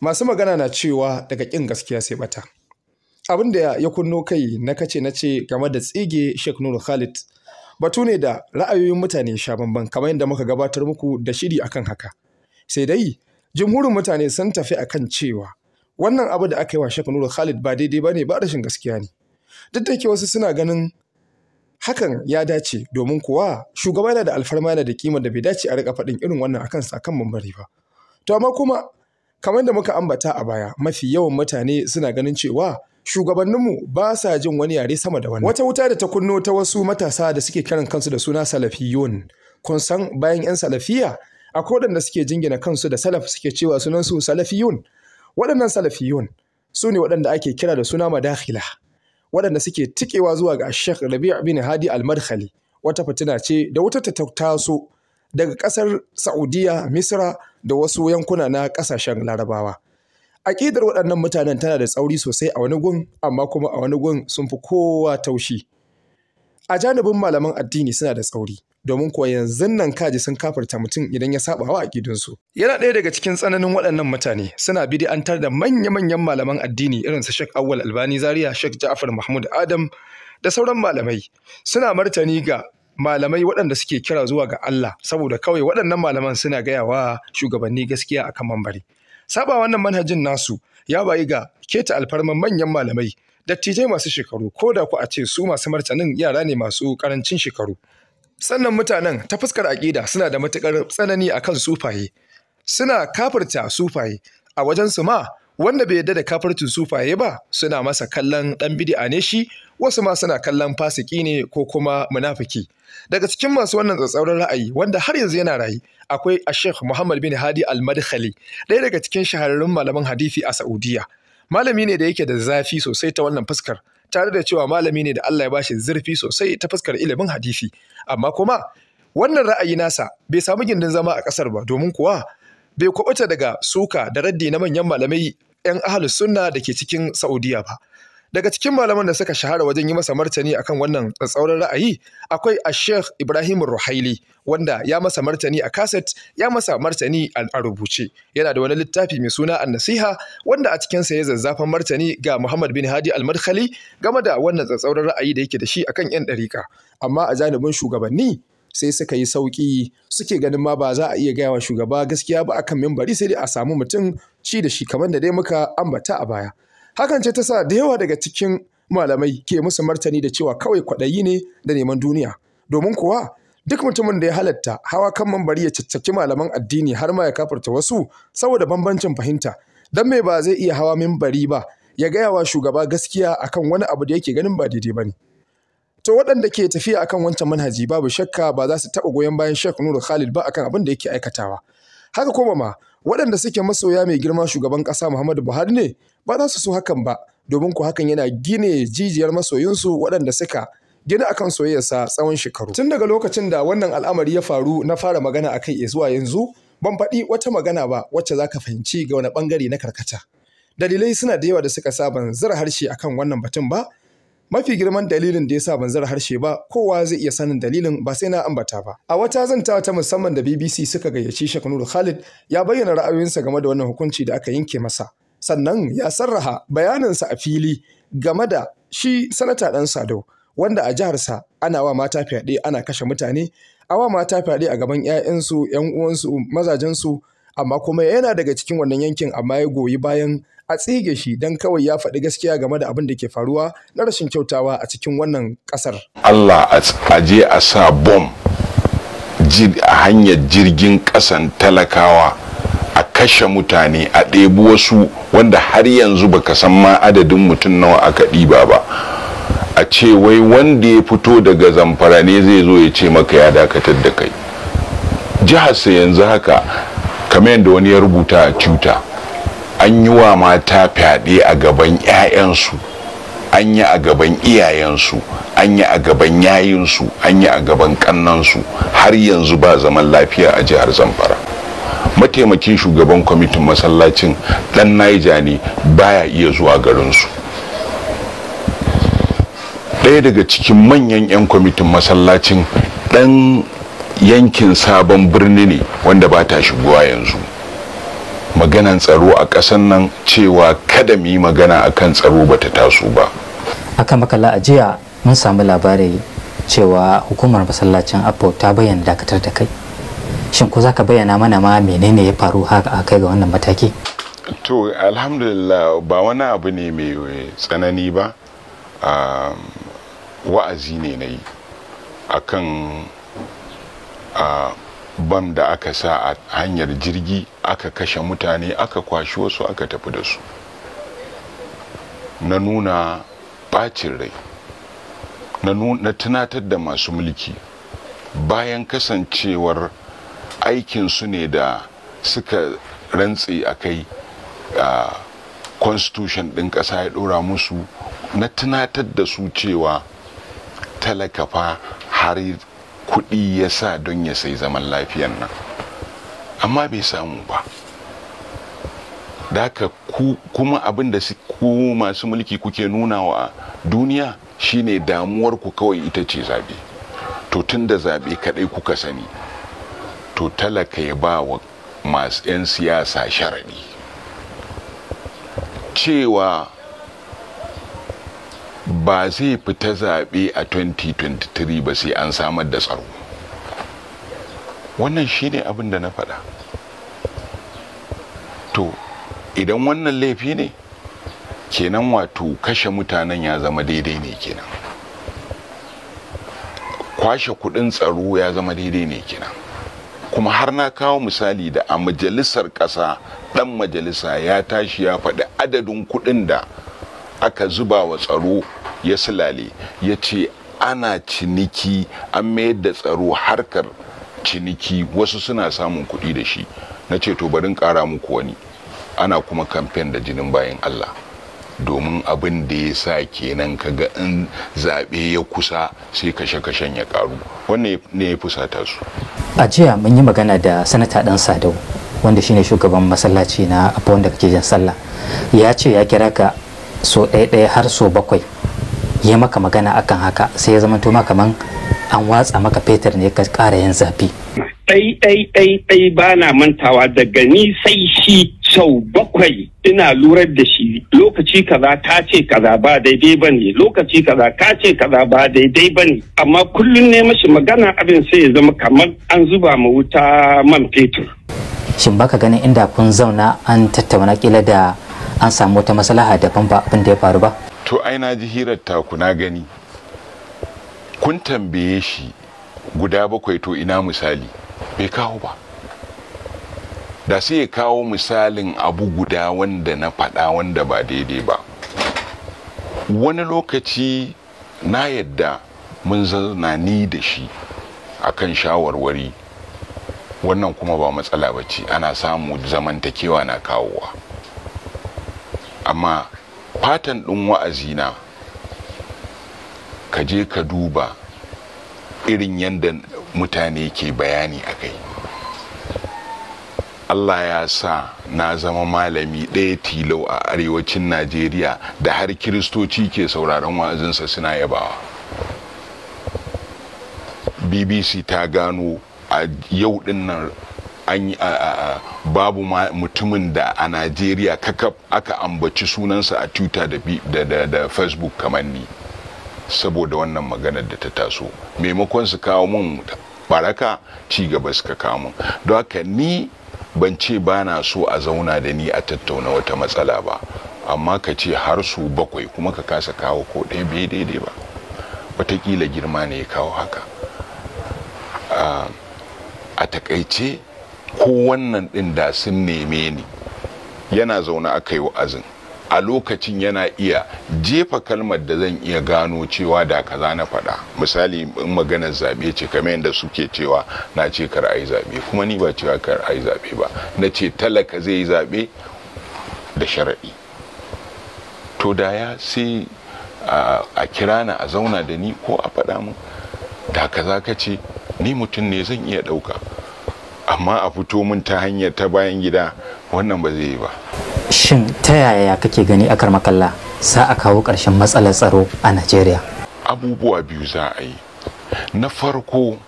masu magana na cewa daga ƙin gaskiya sai bata abin da ya kunno kai na kace na ce game da tsige Sheikh Nur Khalid batu ne da ra'ayoyin mutane sha bamban kamar yadda muka gabatar muku da shiri akan haka sai dai jumhurin mutane sun tafi akan cewa wannan abu da aka yi wa Sheikh Nur Khalid ba daidai bane ba rashin gaskiya ne duk da ke wasu suna ganin hakan ya dace domin kuwa shugaba yana da alfarma yana da kima da bai dace a rika faɗin irin wannan akan sa kan mambari ba to amma kuma Kamar da muka ambata a baya, mafi yawan mutane suna ganin cewa shugabanninmu ba sa jin wani yare sama da wani. Wata wuta da ta kunno ta wasu matasa da suke kiran kansu da suna salafiyun. Kun san bayan 'yan salafiya, akwai waɗanda suke jingina kansu da salaf suke cewa sunan su salafiyun. Waɗannan salafiyun su ne waɗanda ake kira da suna madakhila. Waɗanda suke tikewa zuwa ga Sheikh Rabi' bin Hadi Al-Madkhali. Wata fitina ce da wuta ta taso daga ƙasar Saudiya, Misra, da wasu yankuna na kasashen larabawa aƙidar waɗannan mutanen tana da tsauri sosai a wani gun amma kuma a wani gun sun fi kowa taushi a janibin malaman addini suna da tsauri domin kuwa yanzu nan kaji sun kafarta mutum idan ya saba wa gidansu. Yana ɗaya daga cikin tsananin waɗannan mutane suna bidi'antar da manya-manyan malaman addini irin su Sheikh Awwal Albani Zaria, Sheikh Ja'far Mahmud Adam da sauran malamai suna martani ga malamai waɗanda suke kira zuwa ga Allah saboda kawai waɗannan malaman suna gaya wa shugabanni gaskiya a kan mambari. Saba wannan manhajin nasu ya bayi ga keta alfarman manyan malamai dattijai masu shekaru ko da ku a ce su masu martanin yara ne masu ƙarancin shekaru. Sannan mutanen ta fuskar aƙida suna da matuƙar tsanani a kan sufaye. Suna kafirta sufaye a wajensu ma wanda bai yarda da kafircin sufaye ba suna masa kallon ɗan bid'a ne shi wasu ma suna kallon fasiki ne ko kuma munafiki daga cikin masu wannan tsatsauran ra'ayi wanda har yanzu yana rayu akwai Sheikh Muhammad bin Hadi Al-Madkhali ɗaya daga cikin shahararrun malaman hadisi a Saudiya malami ne da yake da zafi sosai ta wannan fuskar tare da cewa malami ne da Allah ya bashi zurfi sosai ta fuskar ilimin hadisi amma kuma wannan ra'ayi nasa bai samu gindin zama a ƙasar ba domin kuwa bai kwabuta daga suka da raddi na manyan malamai 'yan ahalus sunna da ke cikin Saudiya ba. Daga cikin malaman da suka shahara wajen yi masa martani akan wannan tsatsauran ra'ayi akwai a Sheikh Ibrahim Ruhaili wanda ya masa martani a kaset ya masa martani a rubuce. Yana da wani littafi mai suna An-Nasiha wanda a cikinsa ya zazzafan martani ga Muhammad bin Hadi Al-Madkhali game da wannan tsatsauran ra'ayi da yake da shi akan 'yan ɗarika, Amma a janibin shugabanni sai suka yi sauƙi suke ganin ma ba za a iya gaya wa shugaba gaskiya ba akan mimbari sai dai a samu mutum shi da shi kamar da dai muka ambata a baya hakan ce ta sa da yawa daga cikin malamai ke musu martani da cewa kawai kwaɗayi ne da neman duniya domin kuwa duk mutumin da ya halatta hawa kan mambari ya caccaki malaman addini har ma ya kafarta wasu saboda bambancin fahimta dan me ba zai iya hawa mimbari ba ya gaya wa shugaba gaskiya akan wani abu da yake ganin ba daidai ba ne to waɗanda ke tafiya akan wancan manhaji babu shakka ba za su taɓa goyon bayan Sheikh Nuru Khalid ba akan abin da yake aikatawa haka kuma ma waɗanda suke masoya mai girma shugaban ƙasa Muhammadu Buhari ne ba za su so hakan ba domin ku hakan yana gine jijiyar masoyinsu waɗanda suka gina akan soyayyarsa tsawon shekaru tun daga lokacin da wannan al'amari ya faru na fara magana akai ya zuwa yanzu ban faɗi wata magana ba wacce za ka fahimci ga wani ɓangare na karkata dalilai suna da yawa da suka sa ban zira harshe akan wannan batun ba Mafi girman dalilin da ya sa ban zara harshe ba, kowa zai iya sanin dalilin ba sai na ambata ba. A wata zanta ta musamman da BBC suka gayyaci Shakunur Khalid ya bayyana ra'ayoyinsa game da wannan hukunci da aka yanke masa. Sannan ya sarraha bayaninsa a fili game da shi sanata ɗan sado wanda a jiharsa ana wa mata fyaɗe ana kashe mutane, a wa mata fyaɗe a gaban 'ya'yansu, 'yan uwansu, mazajensu, amma kuma yana daga cikin wannan yankin amma ya goyi bayan a tsige shi don kawai ya faɗi gaskiya game da abin da ke faruwa na rashin kyautawa a cikin wannan ƙasar. Allah a je a sa bom a hanyar jirgin ƙasan talakawa a kashe mutane a ɗebi wasu wanda har yanzu baka san ma adadin mutum nawa aka ɗiba ba a ce wai wanda ya fito daga zamfara ne zai zo ya ce maka ya dakatar da kai Jihar sa yanzu haka kamar yadda wani ya rubuta a cuta an yi wa mata fyaɗe a gaban 'ya'yansu an yi a gaban iyayensu an yi a gaban yayinsu an yi a gaban ƙannansu har yanzu ba zaman lafiya a jihar zamfara mataimakin shugaban kwamitin masallacin ɗan naija ne baya iya zuwa garinsu ɗaya daga cikin manyan 'yan kwamitin masallacin ɗan yankin sabon birni ne wanda ba ta shigowa yanzu maganan tsaro a ƙasan nan cewa kada mu yi magana akan tsaro ba ta taso ba aka makala a jiya mun samu labari cewa hukumar masallacin apo ta bayyana dakatar da kai shin ko za ka bayyana mana ma menene ya faru haka a kai ga wannan mataki to alhamdulillah ba wani abu ne mai tsanani ba wa'azi ne na yi a kan bam da aka sa a hanyar jirgi aka kashe mutane aka kwashi wasu aka tafi da su na nuna bacin rai na tunatar da masu mulki bayan kasancewar aikinsu ne da suka rantse a kai a constitution ɗin ƙasa ya ɗora musu na tunatar da su cewa talakafa har kuɗi ya sa don ya sai zaman lafiyan nan amma bai samu ba da haka kuma abin da ku masu mulki kuke nuna wa duniya shine damuwarku kawai ita ce zaɓe to tun da zaɓe kaɗai kuka sani to talaka ya ba wa masu 'yan siyasa sharaɗi cewa ba zai fita zaɓe a 2023 ba sai an samar da tsaro wannan shi ne abin da na faɗa to idan wannan laifi ne kenan wato kashe mutanen ya zama daidai ne kenan kwashe kudin tsaro ya zama daidai ne kenan kuma har na kawo misali da a majalisar ƙasa ɗan majalisa ya tashi ya faɗi adadin kudin da aka zuba wa tsaro ya silale ya ce ana ciniki an mayar da tsaro harkar ciniki wasu suna samun kuɗi da shi na ce to barin ƙara muku wani ana kuma kamfen da jinin bayan allah domin abin da ya sa kenan ka ga in zaɓe ya kusa sai kashe-kashen ya karu wannan ne ya fusata su a jiya mun yi magana da sanata ɗan sadau wanda shine shugaban masallaci na abuwan da kake jan sallah ya ce ya kira ka so ɗaya ɗaya har so bakwai ya maka magana akan haka sai ya zama to ma an watsa maka fetur ne ka ƙara yin zafi ɗai ɗai ɗai ɗai ba na mantawa daga ni sai shi sau bakwai ina lurar da shi lokaci kaza ta ce kaza ba daidai ba ne lokaci kaza ta ce kaza ba daidai ba ne amma kullum ne mashi magana abin sai ya zama kamar an zuba ma wuta man fetur shin baka ganin inda kun zauna an tattauna kila da an samu wata masalaha daban ba abin da ya faru ba to ai na ji hirar taku na gani kun tambaye shi guda bakwai to ina misali bai kawo ba da sai ya kawo misalin abu guda wanda na faɗa wanda ba daidai ba wani lokaci na yadda mun zana ni da shi akan shawarwari wannan kuma ba matsala ba ce ana samu zamantakewa na kawowa amma fatan ɗin wa'azina ka je ka duba irin yadda mutane ke bayani a kai allah ya sa na zama malami ɗaya tilau a arewacin najeriya da har kiristoci ke sauraron wa'azinsa suna yabawa bbc ta gano a yau ɗin nan an babu mutumin da a najeriya kakaf aka ambaci sunansa a twitter da facebook kamar ni saboda wannan maganar da ta taso maimakon su kawo mun baraka ci gaba suka kawo mun don haka ni ban ce ba na so a zauna da ni a tattauna wata matsala ba amma ka ce har su bakwai kuma ka kasa kawo ko ɗaya bai daidai ba watakila girma ne ya kawo haka a takaice ko wannan ɗin da sun neme ni yana zaune aka yi wa'azin a lokacin yana iya jefa kalmar da zan iya gano cewa da kaza na faɗa misali in maganar zaɓe ce kamar yadda suke cewa na ce kar a yi zaɓe kuma ni ba cewa kar a yi zaɓe ba na ce talaka zai yi zaɓe da sharaɗi to da ya sai a kira na a zauna da ni ko a faɗa mu da kaza ka ce ni mutum ne zan iya ɗauka amma a fito mun ta hanyar ta bayan gida wannan ba zai yi ba shin ta yaya kake gani a makalla sa a kawo ƙarshen matsalar tsaro a najeriya abubuwa biyu za a yi na farko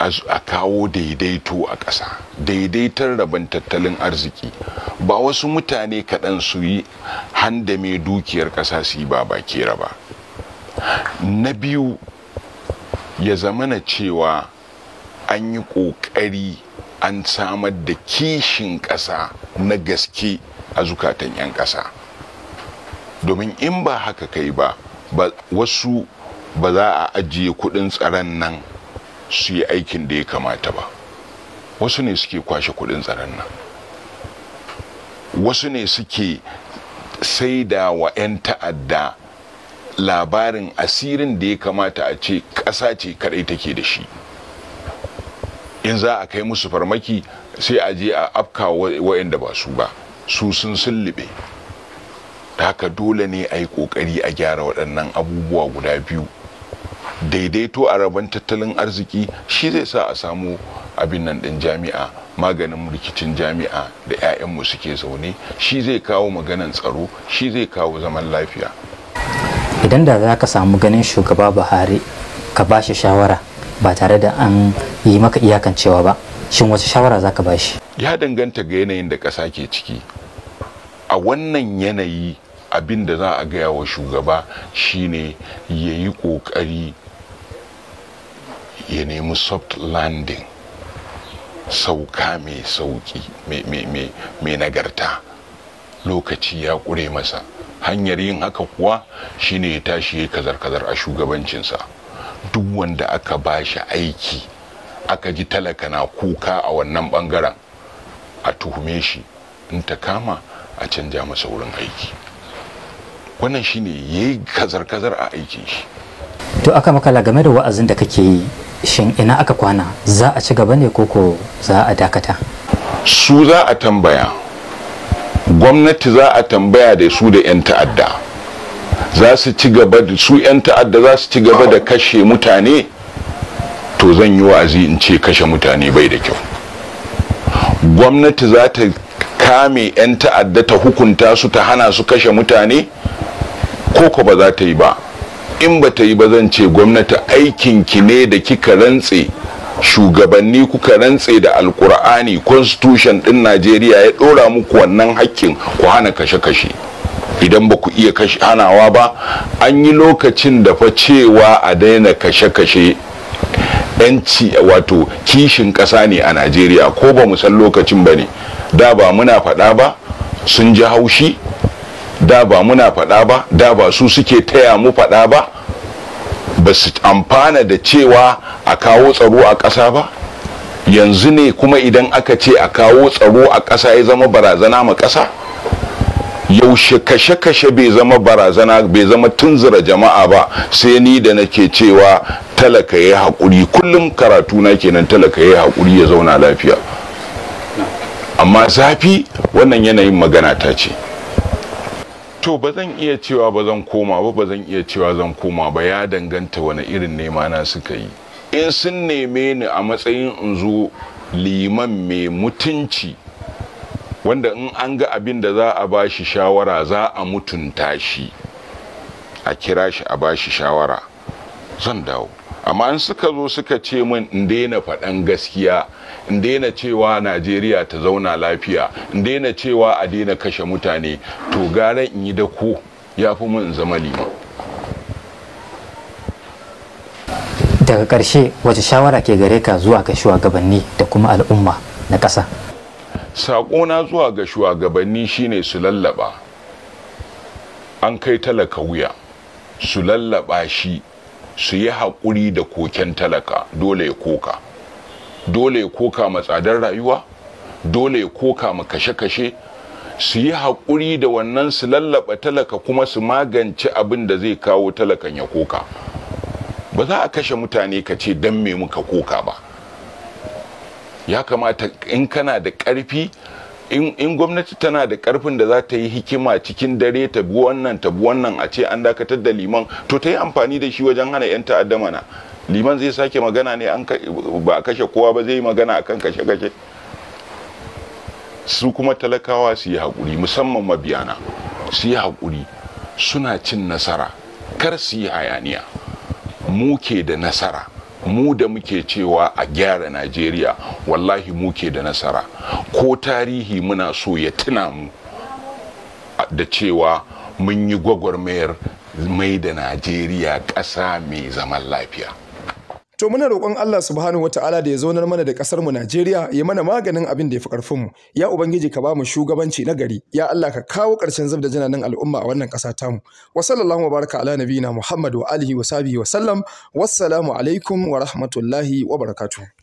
a kawo daidaito a ƙasa daidaitar rabin tattalin arziki ba wasu mutane kaɗan su yi handame dukiyar ƙasa su yi ba baki ba na biyu ya zamana cewa an yi ƙoƙari an samar da kishin ƙasa na gaske a zukatan 'yan ƙasa domin in ba haka kai ba wasu ba za a ajiye kuɗin tsaron nan su yi aikin da ya kamata ba wasu ne suke kwashe kuɗin tsaron nan wasu ne suke saida wa 'yan ta'adda labarin asirin da ya kamata a ce ƙasa ce kaɗai take da shi in za a kai musu farmaki sai a je a afka wa'inda ba su ba su sun sullube haka dole ne a yi ƙoƙari a gyara waɗannan abubuwa guda biyu daidaito a rabon tattalin arziki shi zai sa a samu abin nan ɗin jami'a maganin rikicin jami'a da 'ya'yanmu suke zaune shi zai kawo maganan tsaro shi zai kawo zaman lafiya idan da za ka samu ganin shugaba buhari ka ba shi shawara ba tare da an yi maka iyakancewa ba shin wace shawara zaka ba shi ya danganta ga yanayin da ƙasa ke ciki a wannan yanayi abin da za a gaya wa shugaba shine ya yi ƙoƙari ya nemi soft landing sauka mai sauki mai nagarta lokaci ya ƙure masa hanyar yin haka kuwa shine ya tashi ya kazar-kazar a shugabancinsa duk wanda aka ba shi aiki aka ji talaka na kuka a wannan bangaren a tuhume shi in ta kama a canja masa wurin aiki wannan shine ya yi kazar-kazar a aikin shi to aka makala game da wa'azin da kake yi shin ina aka kwana za a ci gaba ne koko za a dakata su za a tambaya gwamnati za a tambaya da su da 'yan ta'adda za su ci gaba da su 'yan ta'adda za su ci gaba da kashe mutane to zan yi wa'azi in ce kashe mutane bai da kyau gwamnati za ta kame 'yan ta'adda ta hukunta su ta hana su kashe mutane ko ba za ta yi ba in ba ta yi ba zan ce gwamnati ki ne da kika rantse shugabanni kuka rantse da alkur'ani constitution din najeriya ya dora muku wannan hakkin ku hana kashe-kashe idan ba ku iya kashe hanawa ba an yi lokacin da fa cewa a daina kashe-kashe yanci wato kishin ƙasa ne a najeriya ko ba mu san lokacin ba ne da ba muna faɗa ba sun ji haushi da ba muna faɗa ba da ba su suke taya mu faɗa ba ba su amfana da cewa a kawo tsaro a ƙasa ba yanzu ne kuma idan aka ce a kawo tsaro a ƙasa ya zama barazana ma ƙasa yaushe kashe-kashe bai zama barazana bai zama tunzura jama'a ba sai ni da nake cewa talaka ya haƙuri kullum karatu na kenan talaka ya haƙuri ya zauna lafiya amma zafi wannan yanayin magana ta ce to ba zan iya cewa ba zan koma ba ba zan iya cewa zan koma ba ya danganta wani irin nema na suka yi in sun neme ni a matsayin in zo liman mai mutunci wanda in an ga abin da za a ba shi shawara za a mutunta shi a kira shi a ba shi shawara zan dawo amma an suka zo suka ce min in daina faɗan gaskiya in daina cewa najeriya ta zauna lafiya in daina cewa a daina kashe mutane to gara in yi da ko ya fi mun zama lima daga ƙarshe wace shawara ke gare ka zuwa ga shugabanni da kuma al'umma na ƙasa saƙona zuwa ga shugabanni shine su lallaba an kai talaka wuya su lallaba shi su yi haƙuri da koken talaka dole ya koka dole ya koka ma tsadar rayuwa dole ya koka ma kashe-kashe su yi haƙuri da wannan su lallaba talaka kuma su magance abin da zai kawo talakan ya koka ba za a kashe mutane ka ce don me muka koka ba ya kamata in kana da ƙarfi in gwamnati tana da karfin da za ta yi hikima cikin dare ta bi wannan ta bi wannan a ce an dakatar da liman to ta yi amfani da shi wajen hana 'yan ta'adda mana liman zai sake magana ne ba a kashe kowa ba zai yi magana akan kashe-kashe su kuma talakawa su yi haƙuri musamman mabiyana su yi haƙuri suna cin nasara kar su yi hayaniya muke da nasara mu da muke cewa a gyara najeriya wallahi muke da nasara ko tarihi muna so ya tuna mu da cewa mun yi gwagwarmayar mai da najeriya ƙasa mai zaman lafiya To muna roƙon Allah subhanahu wa ta'ala da ya zaunar mana da ƙasar mu Najeriya ya mana maganin abin da ya fi ƙarfin mu. Ya ubangiji ka ba mu shugabanci na gari. Ya Allah ka kawo ƙarshen zub da jinanan al'umma a wannan ƙasa mu. Wa sallallahu wa baraka ala nabiyina Muhammad wa alihi wa sahbihi wa sallam. Wassalamu alaikum wa rahmatullahi wa barakatuh.